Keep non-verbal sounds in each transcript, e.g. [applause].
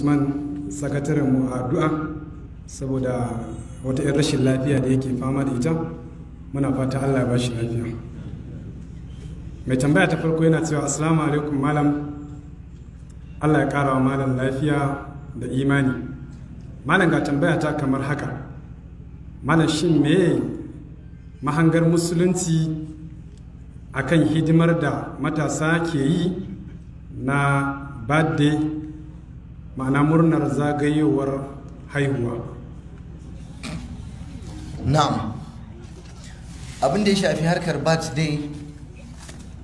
usman mu a du'a saboda wata 'yan rashin lafiya da yake fama da ita muna fata allah ba shi lafiya mai tambaya ta farko yana cewa assalamu alaikum malam allah ya karawa wa malam lafiya da imani malam ga tambaya ta kamar haka malam shin me mahangar musulunci akan hidimar da matasa ke yi na birthday ma'ana murnar zagayewar haihuwa na'am abin da ya shafi harkar Bat-Day dai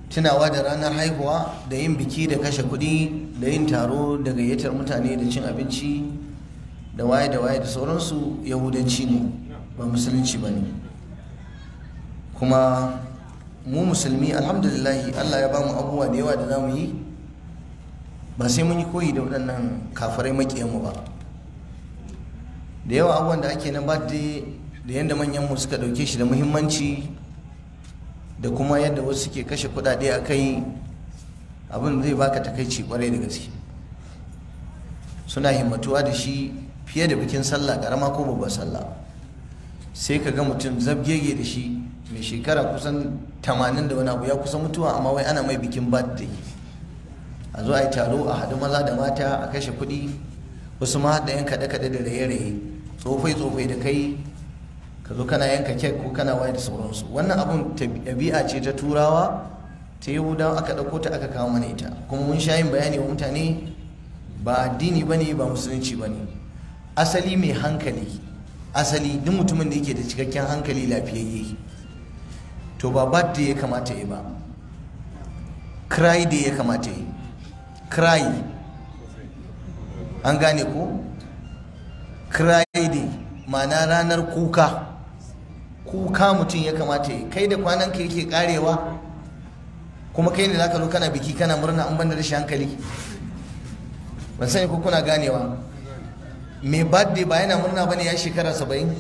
tunawa da ranar haihuwa da yin biki da kashe kuɗi da yin taro da gayyatar mutane da cin abinci da waye da waye da sauransu yahudanci ne ba musulunci ba ne kuma mu musulmi alhamdulillahi allah ya bamu abubuwa da yawa da za mu yi ba sai mun yi koyi da waɗannan kafirai maƙiyanmu ba da yawa abubuwan da ake na birthday da yadda manyanmu suka ɗauke shi da muhimmanci da kuma yadda wasu suke kashe kuɗaɗe a kai abin zai baka takaici kwarai da gaske suna himmatuwa da shi fiye da bikin sallah ƙarama ko babbar sallah sai ka ga mutum zabgege da shi mai shekara kusan 80 da wani abu ya kusa mutuwa amma wai ana mai bikin birthday a zo a yi taro a haɗu maza da mata a kashe kuɗi wasu ma da yan kaɗe-kaɗe da raye-raye tsofai-tsofai da kai ka zo kana yanka kek ko kana waye da sauransu wannan abun ɗabi'a ce ta turawa ta yi yahudawa aka ɗauko ta aka kawo mana ita kuma mun sha yin bayani wa mutane ba addini ba ne ba musulunci ba ne asali mai hankali asali duk mutumin da yake da cikakken hankali lafiyayye to ba da ya kamata ya ba cry da ya kamata ya yi cry an gane ko cry day ma'ana ranar kuka kuka mutum ya kamata yi kai da kwanan ka yake karewa kuma kai ne zaka zo kana biki kana murna an banda rashin hankali ban sani ko kuna ganewa mai birthday ba yana murna bane ya shekara 70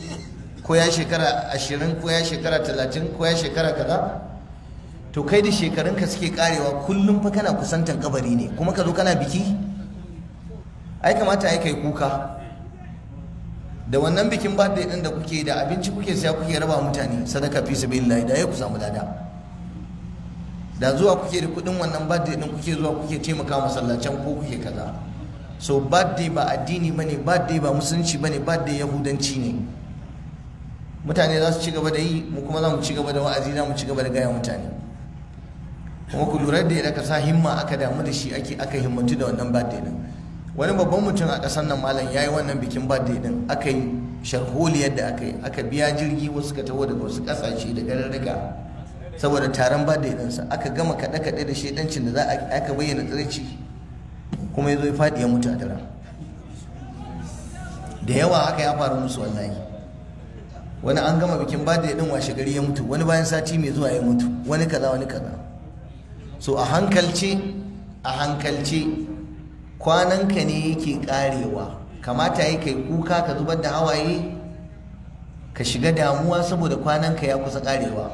ko ya shekara ashirin ko ya shekara talatin ko ya shekara kaza to kai da shekarunka suke karewa kullum fa kana kusantan kabari ne kuma ka zo kana biki ai kamata ai kai kuka da wannan bikin birthday din da kuke da abinci kuke siya kuke raba mutane sadaka fi sabilillah da ya ku samu dada. da zuwa kuke da kudin wannan birthday din kuke zuwa kuke taimaka masallacin ko kuke kaza so birthday ba addini bane birthday ba musulunci bane birthday yahudanci ne mutane za su ci gaba da yi mu kuma za mu ci gaba da wa'azi za mu ci gaba da gaya mutane kuma ku lura da yadda ka sa himma aka damu da shi ake aka himmatu da wannan birthday din wani babban mutum a ƙasar nan malam yayi wannan bikin birthday din aka yi sharholiyar da aka yi aka biya jirgi wasu ka taho daga wasu ƙasashe da gararruka saboda taron birthday din sa aka gama kaɗe kaɗe da shedancin da za a aka bayyana tsiraici kuma ya zo ya faɗi ya mutu a daren da yawa haka ya faru musu wallahi wani an gama bikin birthday din washe gari ya mutu wani bayan sati mai zuwa ya mutu wani kaza wani kaza so a hankalce a hankalci kwananka ne yake karewa kamata yi kai kuka ka zubar da hawaye ka shiga damuwa saboda kwananka ya kusa karewa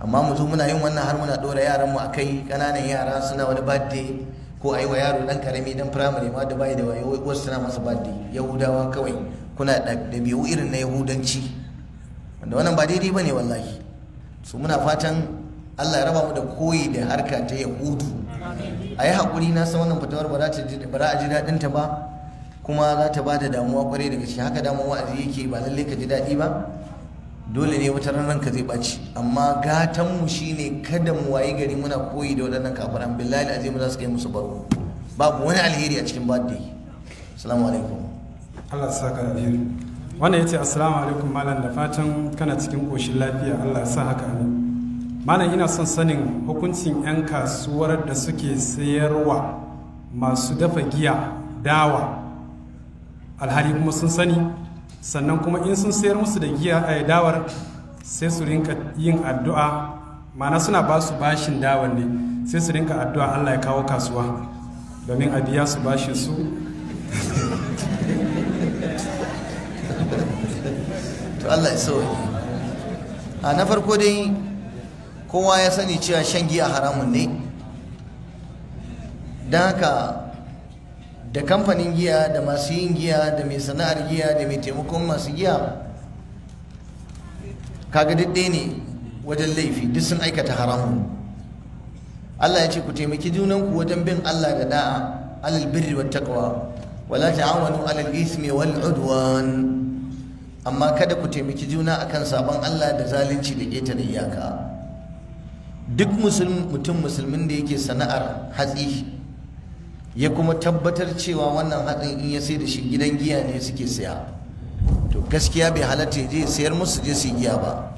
amma mu zo muna yin wannan har muna dora yaranmu a kai kananan yara suna wani badde ko a yi wa yaro dan karami dan firamare ma da bai da wayo wasu suna masa badde yahudawa kawai kuna da ɗabi'u irin na yahudanci wanda wannan ba daidai ba ne wallahi su muna fatan Allah ya raba mu da koyi da harka ta yahudu a yi haƙuri na san wannan fatawar ba za a ji daɗin ta ba kuma za ta ba da damuwa ƙwarai daga shi haka damuwa wa'azi yake ba lallai ka ji daɗi ba dole ne wata ranar ka zai ɓaci amma gatanmu shine kada mu wayi gari muna koyi da waɗannan kafiran billahi azim za su kai musu baro babu wani alheri a cikin birthday assalamu alaikum Allah ya saka alheri wannan yace assalamu alaikum malam da fatan kana cikin koshin lafiya Allah ya sa haka amin malam ina son sanin hukuncin 'yan kasuwar da suke sayarwa masu dafa giya dawa alhali kuma sun sani sannan kuma in sun sayar musu da giya a eh, dawar sai su rinka yin addu'a mana suna ba su bashin dawar ne sai su rinka addu'a allah ya kawo kasuwa domin a biya su bashin su [laughs] to allah ya a na farko dai kowa ya sani cewa shan giya haramun ne don haka da kamfanin giya da masu yin giya da mai sana'ar giya da mai taimakon masu giya kaga daidai ne wajen laifi duk sun aikata haramun Allah ya ce ku taimaki junanku wajen bin Allah da da'a alal birri wa taqwa wala ta'awanu alal ismi wal udwan amma kada ku taimaki juna akan sabon Allah da zalunci da ƙetare iyaka duk mutum musulmin da yake sana'ar hatsi ya kuma tabbatar cewa wannan hatsin in ya sai da shi gidan giya ne suke saya to gaskiya bai halatta ya je sayar musu je su giya ba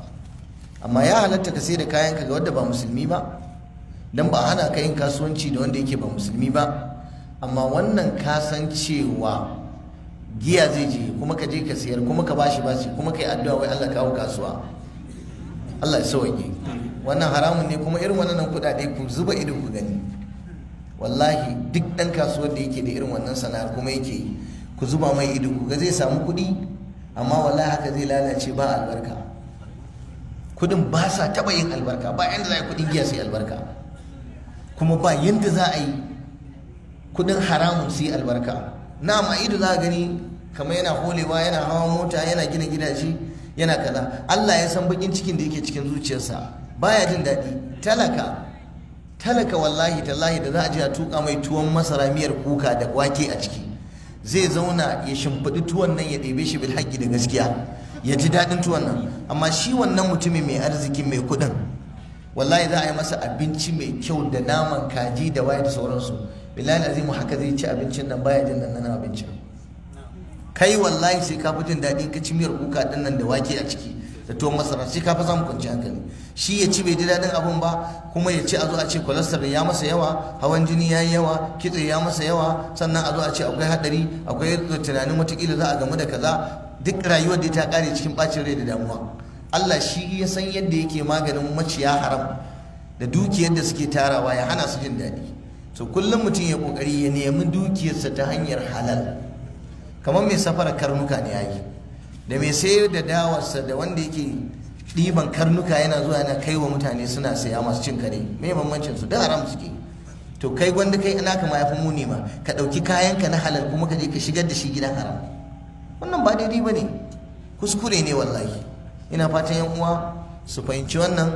amma ya halatta ka sai da kayan ga wanda ba musulmi ba dan ba hana ka yin kasuwanci da wanda yake ba musulmi ba amma wannan kasancewa giya zai je kuma ka je ka sayar kuma ka bashi bashi kuma ka yi addu'a wai Allah kawo kasuwa Allah ya sauke wannan haramun ne kuma irin wannan kudade ku zuba ido ku gani wallahi duk dan kasuwar da yake da irin wannan sana'ar kuma yake ku zuba mai ido ku ga zai samu kuɗi amma wallahi haka zai lalace ba albarka kuɗin ba sa taɓa yin albarka ba yanda za a yi kuɗin giya sai albarka kuma ba yanda za a yi kuɗin haramun sai albarka na ma ido za a gani kamar yana holewa yana hawa mota yana gina gidaje yana kaza Allah ya san bakin cikin da yake cikin zuciyarsa baya jin daɗi talaka talaka wallahi tallahi da za a je a tuka mai tuwon masara miyar kuka da wake a ciki zai zauna ya shimfiɗi tuwon nan ya ɗebe shi bilhaki da gaskiya ya ji daɗin tuwon nan amma shi wannan mutumin mai arziki mai kuɗin wallahi za a yi masa abinci mai kyau da naman kaji da waye da sauransu bilal azimu haka zai ci abincin nan baya jin nan abincin kai wallahi sai ka fi jin daɗi ka ci miyar kuka ɗin nan da wake a ciki da tuwon masara sai ka fa samu kwanci hankali shi ya ci bai ji daɗin abun ba kuma ya ci a zo a ce cholesterol ya masa yawa hawan jini ya yi yawa kitse ya masa yawa sannan a zo a ce akwai haɗari akwai tunanin watakila za a gamu da kaza duk rayuwar da ta kare cikin ɓacin rai da damuwa Allah shi ya san yadda yake maganin maciya haram da dukiyar da suke tarawa ya hana su jin daɗi to kullum mutum ya ƙoƙari ya nemi dukiyarsa ta hanyar halal kamar mai safara karnuka ne ya yi da mai sayar da dawarsa da wanda yake ɗiban karnuka yana zuwa yana kai wa mutane suna saya masu cin kare me bambancin su da haram suke to kai gwanda kai ina kama ya fi muni ma ka ɗauki kayan ka na halal kuma ka je ka shigar da shi gida haram wannan ba daidai ba ne kuskure ne wallahi ina fatan yan uwa su fahimci wannan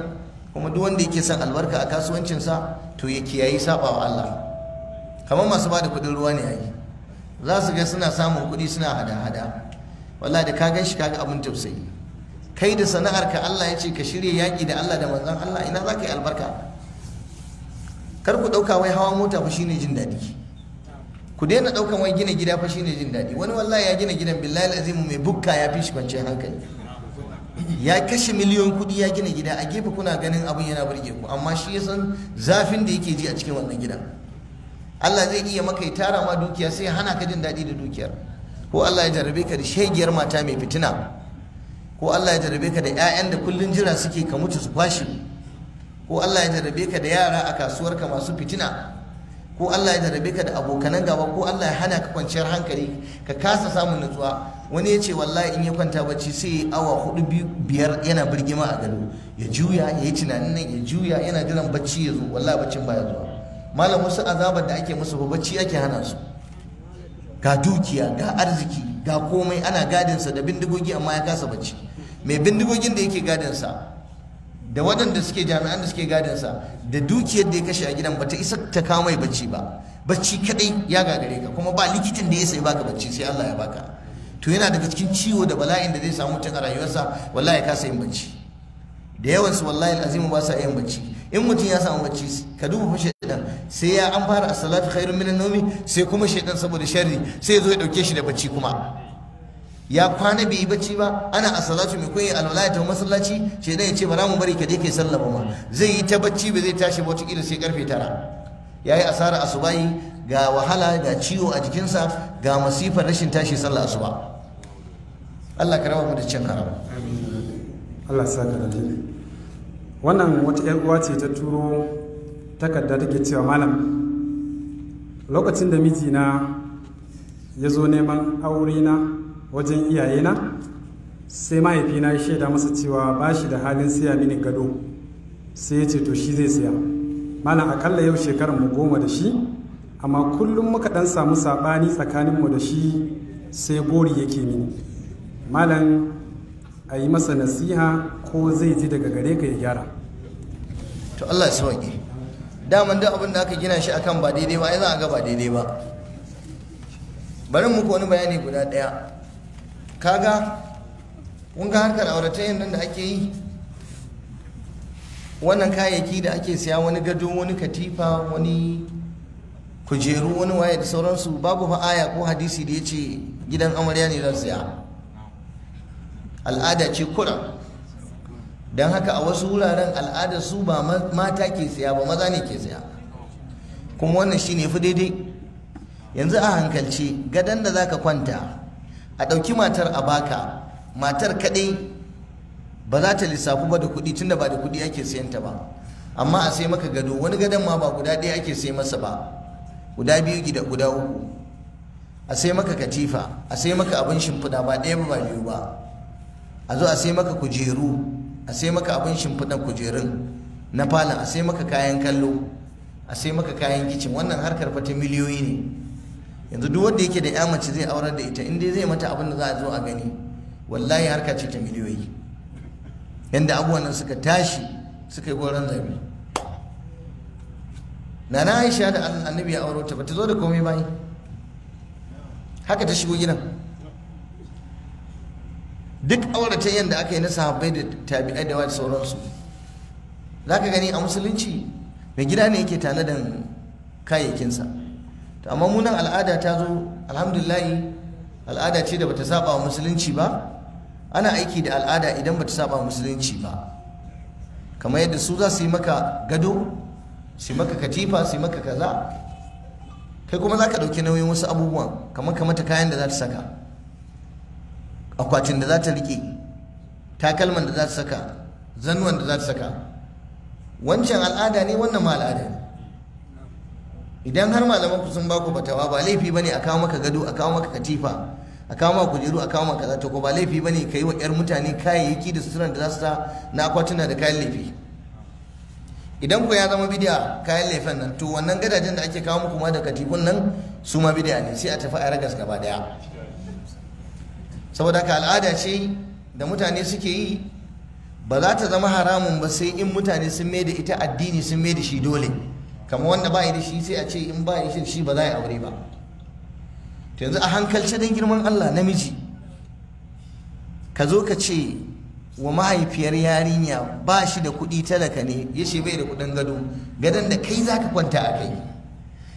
kuma duk wanda yake son albarka a kasuwancinsa to ya kiyayi saba wa Allah kamar masu bada da kuɗin ruwa ne yayi za su ga suna samun kuɗi suna hada-hada wallahi da ka gan shi kaga abin tausayi kai da sana'ar ka Allah ya ce ka shirya yaƙi da Allah da manzon Allah ina za ka yi albarka kar ku ɗauka wai hawa mota fa shine jin daɗi ku daina ɗaukan wai gina gida fa shine jin daɗi wani wallahi ya gina gidan billahi azimu mai bukka ya fi shi kwanciyar hankali ya kashe miliyon kuɗi ya gina gida a gefe kuna ganin abin yana burge ku amma shi ya san zafin da yake ji a cikin wannan gidan Allah zai iya maka ya tara ma dukiya sai hana ka jin daɗi da dukiyar ko Allah ya jarabe ka da shegiyar mata mai fitina ko Allah ya jarabe ka da 'ya'yan da kullun jira suke ka mutu su kwashi ko Allah ya jarabe ka da yara a kasuwarka masu fitina ko Allah ya jarabe ka da abokanan gaba ko Allah ya hana ka kwanciyar hankali ka kasa samun nutsuwa wani ya ce wallahi in ya kwanta bacci sai ya awa hudu biyar yana birgima a gado ya juya ya yi tunanin nan ya juya yana jiran bacci ya zo wallahi baccin baya zuwa malam wasu azabar da ake musu ba bacci ake hana su ga dukiya ga arziki ga komai ana gadinsa da bindigogi amma ya kasa bacci mai bindigogin da yake gadinsa da waɗanda suke jami'an da suke gadinsa da dukiyar da ya kashe a gidan bata isa ta kawo mai bacci ba bacci kadai ya gagare ka kuma ba likitin da ya sai baka bacci sai Allah ya baka to yana daga cikin ciwo da bala'in da zai samu mutum a rayuwarsa wallahi ya kasa yin bacci da yawan su wallahi al'azimu ba sa yin bacci in mutum ya samu bacci ka duba fashe dan sai ya an fara as-salatu khairun minan nomi, sai kuma shaidan saboda sharri sai ya zo ya dauke shi da bacci kuma ya kwana bai yi bacci ba ana asalatu salatu mai koyi alwala ta tafi masallaci shaidan ya ce bara mu bari ka je kai sallah ba zai yi ta bacci ba zai tashi ba wata sai karfe tara yayi asara asubahi ga wahala ga ciwo a jikinsa ga masifar rashin tashi sallah asuba Allah ka raba mu da cin haram Allah saka da wannan wata yar uwa ce ta turo takarda take cewa malam lokacin da mijina ya zo neman aure na wajen iyayena sai mahaifina ya shaida masa cewa ba shi da halin siya mini gado sai ya ce to shi zai siya malam akalla yau shekarar mu goma da shi amma kullum muka dan samu saɓani tsakaninmu da shi sai bori yake mini malam a yi masa nasiha ko zai ji daga gare ka ya gyara to allah ya sauke daman duk abin da aka gina shi akan ba daidai ba ai za a ga ba daidai ba bari muku wani bayani guda ɗaya kaga kun ga harkar auratayyar nan da ake yi wannan kayayyaki da ake siya wani gado wani katifa wani kujeru wani waye da sauransu babu fa aya ko hadisi da ya ce gidan amarya ne zan siya al'ada ce kura don haka a wasu wuraren al'adar su ba mata ke saya ba maza ne ke saya kuma wannan shine fi daidai yanzu a hankalci gadon da zaka kwanta a ɗauki matar a baka matar kaɗai ba za ta lissafi ba da kuɗi tunda ba da kuɗi ake sayanta ba amma a sai maka gado wani gadon ma ba guda ɗaya ake sai masa ba guda biyu gida guda uku a sai maka katifa a sai maka abin shimfiɗa ba ɗaya ba biyu ba a zo a sai maka kujeru a sai maka abin shimfiɗan kujerun na falon a sai maka kayan kallo a sai maka kayan kicin wannan harkar fata miliyoyi ne yanzu duk wanda yake da ya mace zai aurar da ita in zai mata abin da za a zo a gani wallahi harka ce ta miliyoyi yanda abubuwan nan suka tashi suka yi goron zabi na na aisha da annabi ya auro ta ba zo da komai bai haka ta shigo gidan duk auratan yadda aka yi na sahabbai da tabi'ai da wani sauransu za ka gani a musulunci mai gida ne yake da kayayyakinsa to amma munan al'ada ta zo alhamdulillahi al'ada ce da bata saba wa musulunci ba ana aiki da al'ada idan bata saba wa musulunci ba kamar yadda su za su yi maka gado su yi maka katifa su yi maka kaza kai kuma za ka ɗauki nauyin wasu abubuwan kamar kamata kayan da za ta saka akwatin da za ta rike takalman da za ta saka zannuwan da za ta saka wancan al'ada ne wannan ma al'ada ne idan har malaman ku sun ba ku fatawa ba laifi bane a kawo maka gado a kawo maka katifa a kawo maka kujeru a kawo maka kaza to ko ba laifi bane kai wa yar mutane kayayyaki da suturan da za su ta na akwatuna da kayan laifi idan ku ya zama bidiya kayan laifin nan to wannan gadajen da ake kawo muku ma da katifun nan su ma bidiya ne sai a tafi a ragas gaba daya saboda ka al'ada ce da mutane suke yi ba za ta zama haramun ba sai in mutane sun mai da ita addini sun mai da shi dole kama wanda ba da shi sai a ce in ba shi shi ba za a aure ba ta yanzu a hankalce don girman Allah namiji ka zo ka ce wa mahaifiyar yarinya ba shi da kuɗi talaka ne ya ce bai da kuɗin gado gadon da kai za ka kwanta a kai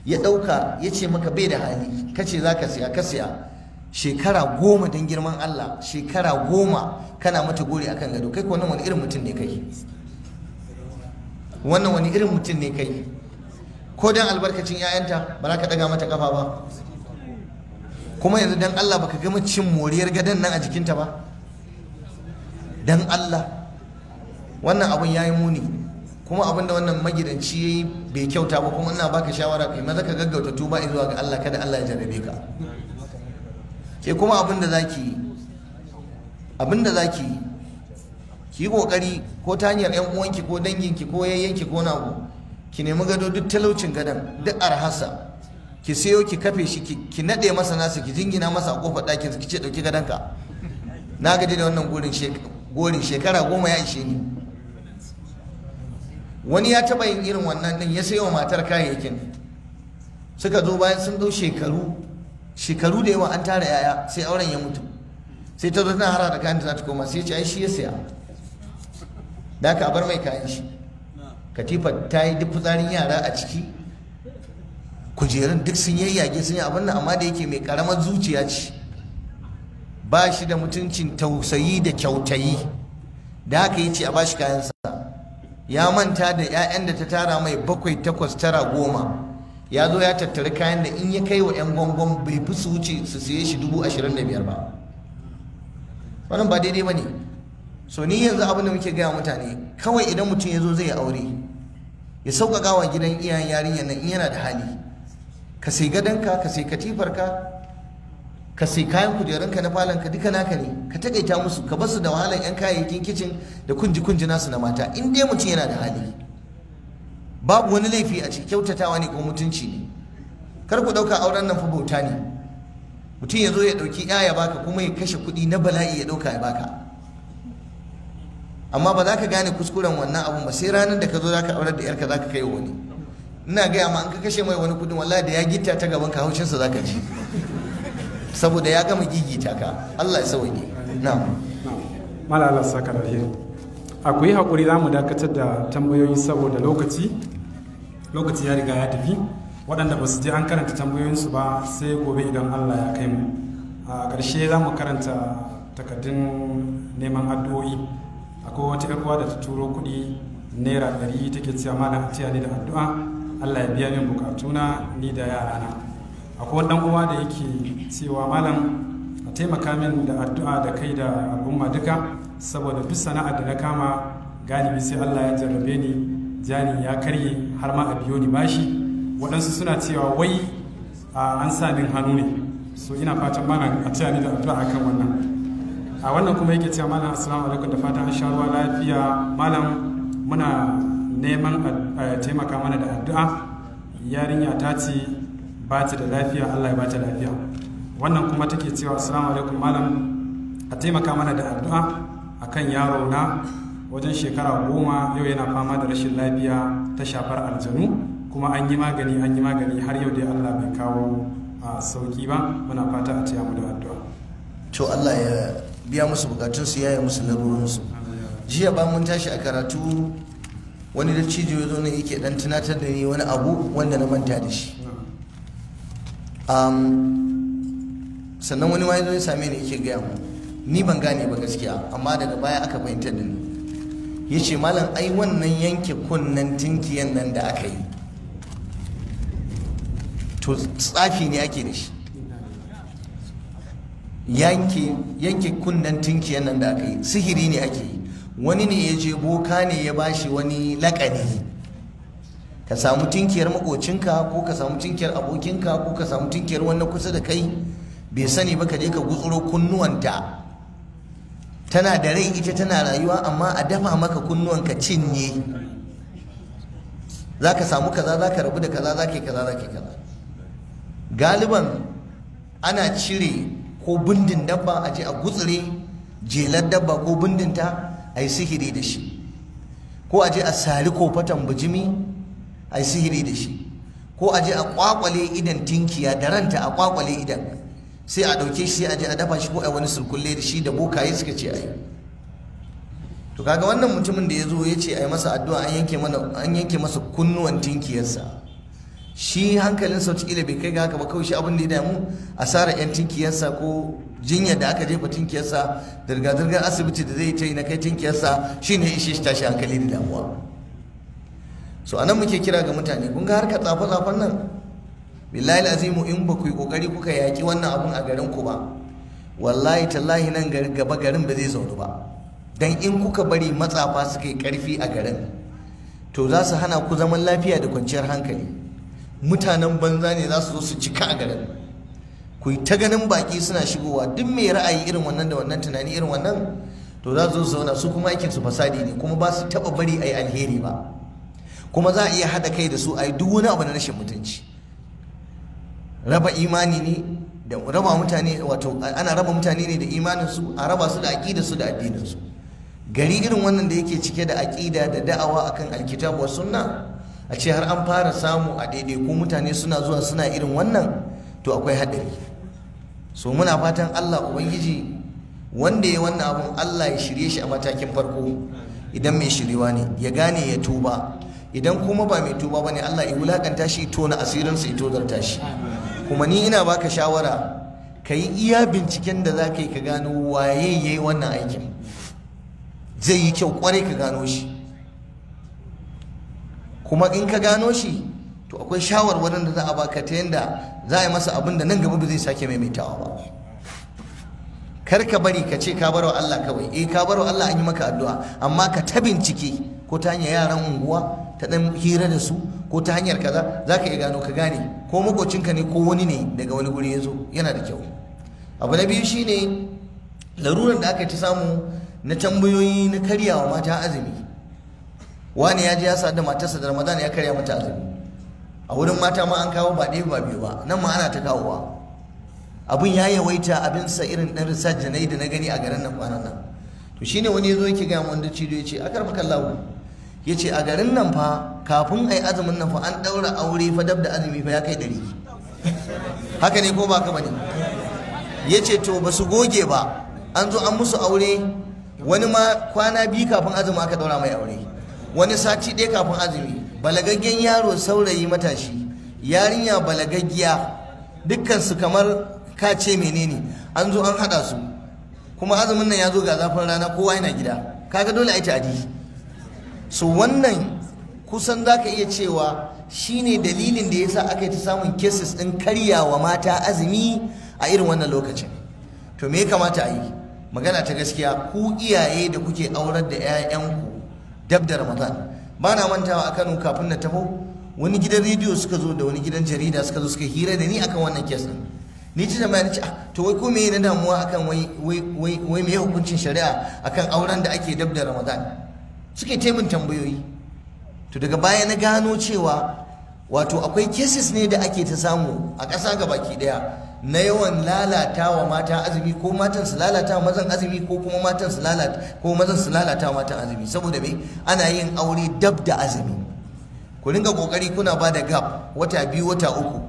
ya ɗauka ya ce maka bai da hali ka ce za ka siya ka siya shekara goma don girman Allah shekara goma kana mata gori akan gado kai ko wannan wani irin mutum ne kai wannan wani irin mutum ne kai ko don albarkacin 'ya'yanta ba za ka daga mata kafa ba kuma yanzu don Allah baka gama cin moriyar gadon nan a jikinta ba don Allah wannan abun ya yi muni kuma abin da wannan magidanci ya yi bai kyauta ba kuma ina baka shawara kai maza ka gaggauta tuba zuwa ga Allah kada Allah ya jarrabe ka ke kuma abinda da za ki yi za ki yi ki yi ƙoƙari ko ta hanyar 'yan uwanki ko danginki ko yayyanki ko nago ki nemi gado duk talaucin gadon duk arhasa ki sayo ki kafe shi ki naɗe masa nasa ki jingina masa a kofar ɗakin ki ce ɗauki gadonka na gaji da wannan gorin shekara goma ya ishe ni wani ya taba yin irin wannan din ya sayo matar kayayyakin suka zo bayan sun dau shekaru shekaru da yawa an tara yaya sai auren ya mutu sai ta tana hara da kayan da za ta koma sai ce ai shi ya saya da ka bar mai kayan shi katifa ta yi duk fitsarin yara a ciki kujerun duk sun yayyage sun yi abin nan amma da yake mai karamar zuciya ce ba shi da mutuncin tausayi da kyautayi da haka yi ce a ba shi kayansa ya manta da 'ya'yan da ta tara mai bakwai takwas tara goma ya zo ya tattari kayan da in ya kai wa 'yan gwangwan bai fi su wuce su siye shi dubu ashirin da biyar ba wannan ba daidai ba ne so ni yanzu abin da muke gaya mutane kawai idan mutum ya zo zai aure ya sauƙaƙa wa gidan iyayen yarinyar nan in yana da hali ka sai gadonka ka sai katifarka ka sai kayan kujerunka na falonka duka naka ne ka taƙaita musu ka basu da wahalar 'yan kayayyakin kicin da kunji kunji nasu na mata in dai mutum yana da hali babu wani laifi a ciki kyautatawa ne ko mutunci ne kar ku ɗauka auren nan fa bauta ne mutum ya zo ya ɗauki ya ya baka kuma ya kashe kuɗi na bala'i ya ɗauka ya baka amma ba za ka gane kuskuren wannan abun ba sai ranar da ka zo za ka aurar da yarka za ka kai wani ina gaya ma an ka kashe mai wani kuɗin wallahi da ya gita ta gaban ka haushinsa za ka ji saboda ya gama gigita ka Allah ya sauke na'am malala saka da akwai haƙuri za mu dakatar da tambayoyi saboda lokaci lokaci ya riga ya tafi waɗanda ba su je an karanta tambayoyinsu ba sai gobe idan allah ya kai mu a ƙarshe za mu karanta takardun neman addu'o'i akwai wata uwa da ta turo kuɗi naira ɗari take cewa malam tiya ne da addu'a allah ya biya min bukatuna ni da yarana akwai wani ɗan uwa da yake cewa malam taimaka min da addu'a da kai da al'umma duka saboda duk sana'ar da na kama galibi sai Allah ya jarrabe ni jani ya karye har ma a biyo ni bashi waɗansu suna cewa wai an sa min hannu ne so ina fatan mana a taya ni da addu'a akan wannan a wannan kuma yake cewa malam assalamu alaikum da fatan an sha ruwa lafiya malam muna neman taimaka mana da addu'a yarinya ta ce ba ta da lafiya Allah ya ba ta lafiya wannan kuma take cewa assalamu alaikum malam a taimaka mana da addu'a a kan yaro na wajen shekara goma yau yana fama da rashin lafiya ta shafar aljanu kuma an yi magani an yi magani har yau da allah bai kawo a sauki ba muna fata a taya mu da addu'a to allah ya biya musu bukatun su yaya musu su jiya ba mun tashi a karatu wani da cijo ya zo ne yake dan tunatar da ni wani abu wanda na manta da shi sannan wani ma ya same ni yake gaya mu ni ban gane ba gaskiya amma daga baya aka fahimtar da ni ya ce malam ai wannan yanke kunnen tinkiyan nan da aka yi to tsafi ne ake da shi yanke kunnen tinkiyan nan da aka yi sihiri ne ake yi wani ne ya je boka ne ya bashi wani lakani ka samu tinkiyar makocinka ko ka samu tinkiyar abokinka ko ka samu tinkiyar wani kusa da kai bai sani ba ka je ka gutsuro kunnuwanta tana da rai ita tana rayuwa amma a dafa maka kunnuwanka cinye za ka samu kaza za ka rabu da kaza za ka yi kaza za ka yi kaza galiban ana cire ko bindin dabba a je a gutsure jelar dabba ko bindinta a yi sihiri da shi ko a je a sari fatan bijimi a yi sihiri da shi ko a je a kwakwale idan tinkiya da ranta a kwakwale idan sai a ɗauke shi a je a dafa shi ko a wani sulkulle da shi da bokaye suka ce ai to kaga wannan mutumin da ya zo ya ce ai masa addu'a an yanke masa kunnuwan tinkiyarsa shi hankalin sa wataƙila bai kai ga haka ba kawai shi abin da ya damu asara yan tinkiyarsa ko jinyar da aka jefa tinkiyarsa da zirga asibiti da zai ta yi na kai tinkiyarsa shi ne ishe shi tashi hankali da damuwa so anan muke kira ga mutane kun ga harkar tsafe-tsafen nan billahi azimu in ba ku yi kokari kuka yaki wannan abun a garin ku ba wallahi tallahi nan gaba garin ba zai zaunu ba dan in kuka bari matsafa suka yi karfi a garin to za su hana ku zaman lafiya da kwanciyar hankali mutanen banza ne za su zo su cika a garin ku yi ta ganin baki suna shigowa duk mai ra'ayi irin wannan da wannan tunani irin wannan to za su zo zauna su kuma aikin su fasadi ne kuma ba su taba bari a yi alheri ba kuma za a iya haɗa kai da su a yi duk wani abu na rashin mutunci raba imani ne da raba mutane wato ana raba mutane ne da imaninsu a raba su da su da addininsu gari irin wannan da yake cike da aƙida da da'awa akan alkitabu wa sunna a ce har an fara samu a daidai ko mutane suna zuwa suna irin wannan to akwai haɗari so muna fatan Allah ubangiji wanda ya wannan abun Allah ya shirye shi a matakin farko idan mai shirewa ne ya gane ya tuba idan kuma ba mai tuba bane Allah ya wulakanta shi tona asirin sa ya tozarta shi kuma ni ina baka shawara ka yi iya binciken da za ka yi ka gano waye ya yi wannan aikin zai yi kyau kwarai ka gano shi kuma in ka gano shi to akwai shawarwarin da za a baka ta yadda za a yi masa abin da nan gaba ba zai sake maimaitawa ba kar ka bari ka ce ka wa Allah kawai eh ka wa Allah an yi maka addu'a amma ka ta bincike ko ta hanyar yaran unguwa ta dan hira da su ko ta hanyar kaza za ka iya gano ka gane ko makocinka ne ko wani ne daga wani guri ya zo yana da kyau abu na biyu shine larurar da aka ta samu na tambayoyi na wa mata azumi wani ya ji ya sadu matarsa da ramadan ya karya mata azumi a wurin mata ma an kawo ba ɗaya ba biyu ba nan ma ana ta kawowa abin ya yawaita abin sa irin ɗan research da na da na gani a garin nan kwanan nan to shine wani ya zo yake gaya wanda cido ya ce akar maka lawo ya ce a garin nan fa kafin a yi azumin nan fa an ɗaura aure fa dab da azumi fa ya kai ɗari [laughs] haka ne ko ba ka bane ya ce to ba su goge ba an zo an musu aure wani ma kwana biyu kafin azumi aka ɗaura mai aure wani sati ɗaya kafin azumi balagaggen yaro saurayi matashi yarinya balagaggiya dukkansu kamar ka ce menene an zo an haɗa su kuma azumin nan ya zo ga zafin rana kowa yana gida kaga dole a yi ta'adi so wannan kusan za ka iya cewa shine dalilin da ya sa aka yi ta samun cases ɗin wa mata azumi a irin wannan lokacin to me ya kamata a yi magana ta gaskiya ku iyaye da kuke aurar da 'ya'yanku dab da ramadan ba na mantawa a kano kafin na taho wani gidan rediyo suka zo da wani gidan jarida suka zo suka hira da ni akan wannan kes ni ci zama ni ah, to wai ko me na damuwa akan wai wai wai hukuncin shari'a akan auren da ake dab da ramadan suke taimun tambayoyi to daga baya na gano cewa wato akwai cases ne da ake ta samu a ƙasa ga baki ɗaya na yawan lalata wa mata azumi ko matan su lalata wa mazan azumi ko kuma matan su lalata ko mazan su lalata wa matan azumi saboda me ana yin aure dab da azumi ku ringa kokari kuna ba da gap wata biyu wata uku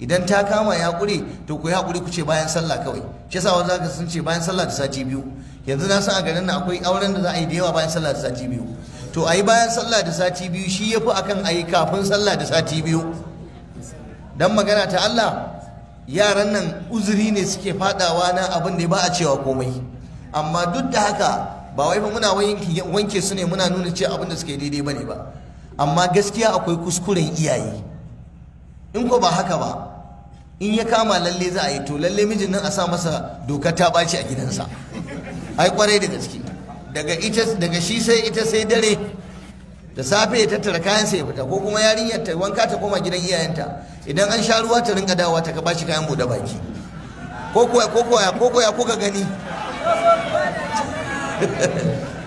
idan ta kama ya kure to ku ya kure ku ce bayan sallah kawai shi yasa wanda zaka sun ce bayan sallah da sati biyu yanzu na san a garin nan akwai auren da za a yi da yawa bayan sallah da sati biyu to a yi bayan sallah da sati biyu shi ya fi a kan a yi kafin sallah da sati biyu don magana ta Allah yaran nan uzuri ne suke fadawa na abin da ba a cewa komai amma duk da haka ba wai muna wanke su ne muna nuna cewa abin da suke daidai ba ne ba amma gaskiya akwai kuskuren iyaye in ko ba haka ba in ya kama lalle za a yi to lalle mijin nan a sa masa doka ta ɓaci a gidansa ai kwarai da gaske daga ita daga shi sai ita sai dare da safe ya tattara kayan sai ya fita ko kuma yarinyar ta wanka ta koma gidan iyayenta idan an sha ruwa ta rinka dawowa ta ba shi kayan bude baki ko koya ko koya ko Ko kuka gani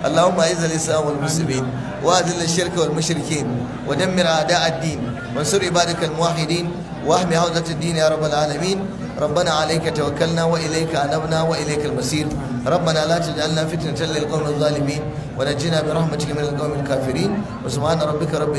اللهم اعز الاسلام والمسلمين واذل الشرك والمشركين ودمر اعداء الدين وانصر عبادك الموحدين واحمي حوزه الدين يا رب العالمين ربنا عليك توكلنا وإليك أنبنا وإليك المصير ربنا لا تجعلنا فتنة للقوم الظالمين ونجنا برحمتك من القوم الكافرين وسبحان ربك رب